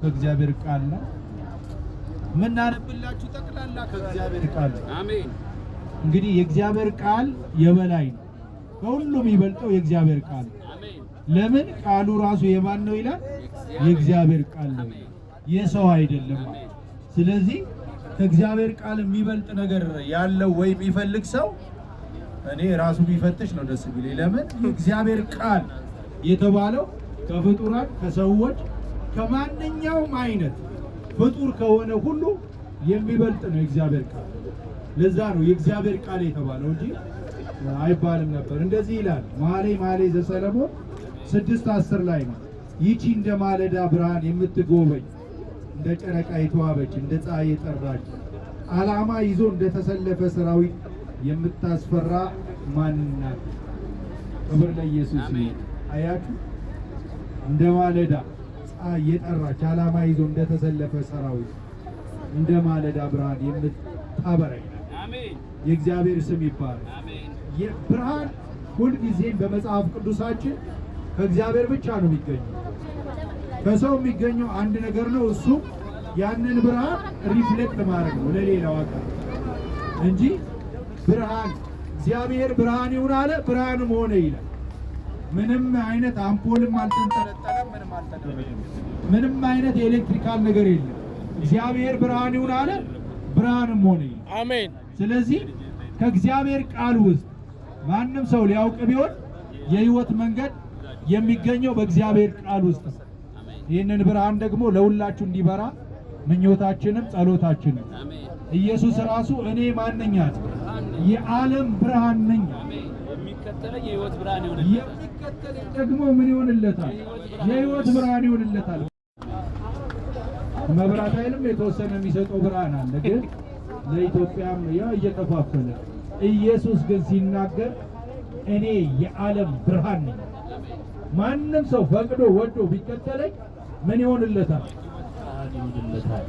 ከእግዚአብሔር ቃል ነው የምናነብላችሁ። ጠቅላላ ከእግዚአብሔር ቃል ነው። አሜን። እንግዲህ የእግዚአብሔር ቃል የበላይ ነው። ከሁሉም ይበልጠው የእግዚአብሔር ቃል ነው። ለምን ቃሉ ራሱ የማን ነው ይላል? የእግዚአብሔር ቃል ነው፣ የሰው አይደለም። ስለዚህ ከእግዚአብሔር ቃል የሚበልጥ ነገር ያለው ወይ የሚፈልግ ሰው እኔ ራሱ ቢፈትሽ ነው ደስ የሚለኝ። ለምን የእግዚአብሔር ቃል የተባለው ከፍጡራን ከሰዎች ከማንኛውም አይነት ፍጡር ከሆነ ሁሉ የሚበልጥ ነው የእግዚአብሔር ቃል። ለዛ ነው የእግዚአብሔር ቃል የተባለው እንጂ አይባልም ነበር። እንደዚህ ይላል መኃልየ መኃልይ ዘሰሎሞን ስድስት አስር ላይ ነው። ይቺ እንደ ማለዳ ብርሃን የምትጎበኝ እንደ ጨረቃ የተዋበች እንደ ፀሐይ የጠራች ዓላማ ይዞ እንደተሰለፈ ሰራዊት የምታስፈራ ማንናት። ክብር ለኢየሱስ። አያችሁ እንደ ማለዳ የጠራች ዓላማ ይዞ እንደተሰለፈ ሰራዊት እንደ ማለዳ ብርሃን የምታበራይ የእግዚአብሔር ስም ይባላል። ብርሃን ሁልጊዜም በመጽሐፍ ቅዱሳችን ከእግዚአብሔር ብቻ ነው የሚገኘው። ከሰው የሚገኘው አንድ ነገር ነው። እሱ ያንን ብርሃን ሪፍሌክት ማድረግ ነው ለሌላው አካል እንጂ ብርሃን እግዚአብሔር ብርሃን ይሁን አለ፣ ብርሃንም ሆነ ይላል። ምንም አይነት አምፖልም አልተንጠለጠለም፣ ምንም አልተደረገም። ምንም አይነት የኤሌክትሪካል ነገር የለም። እግዚአብሔር ብርሃን ይሁን አለ፣ ብርሃንም ሆነ። አሜን። ስለዚህ ከእግዚአብሔር ቃል ውስጥ ማንም ሰው ሊያውቅ ቢሆን የህይወት መንገድ የሚገኘው በእግዚአብሔር ቃል ውስጥ ነው። ይህንን ብርሃን ደግሞ ለሁላችሁ እንዲበራ ምኞታችንም ጸሎታችንም ኢየሱስ ራሱ እኔ ማንኛት የዓለም ብርሃን ነኝ የሚከተለኝ ደግሞ ምን ይሆንለታል? የህይወት ብርሃን ይሆንለታል። መብራት ኃይልም የተወሰነ የሚሰጠው ብርሃን አለ፣ ግን ለኢትዮጵያም ያው እየከፋፈለ ኢየሱስ ግን ሲናገር እኔ የዓለም ብርሃን ነኝ፣ ማንም ሰው ፈቅዶ ወዶ ቢከተለኝ ምን ይሆንለታል? ይሆንለታል።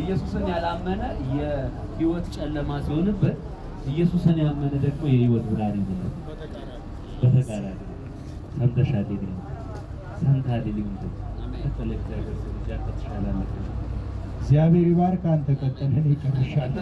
ኢየሱስን ያላመነ የህይወት ጨለማ ሲሆንበት ኢየሱስን ያመነ ደግሞ የህይወት ብርሃን ይሆናል። በተቃራኒ ሰምተሻል ይላል ሰምታል ይላል እግዚአብሔር ይባርክ። አንተ ቀጥለን ይጨርሻል።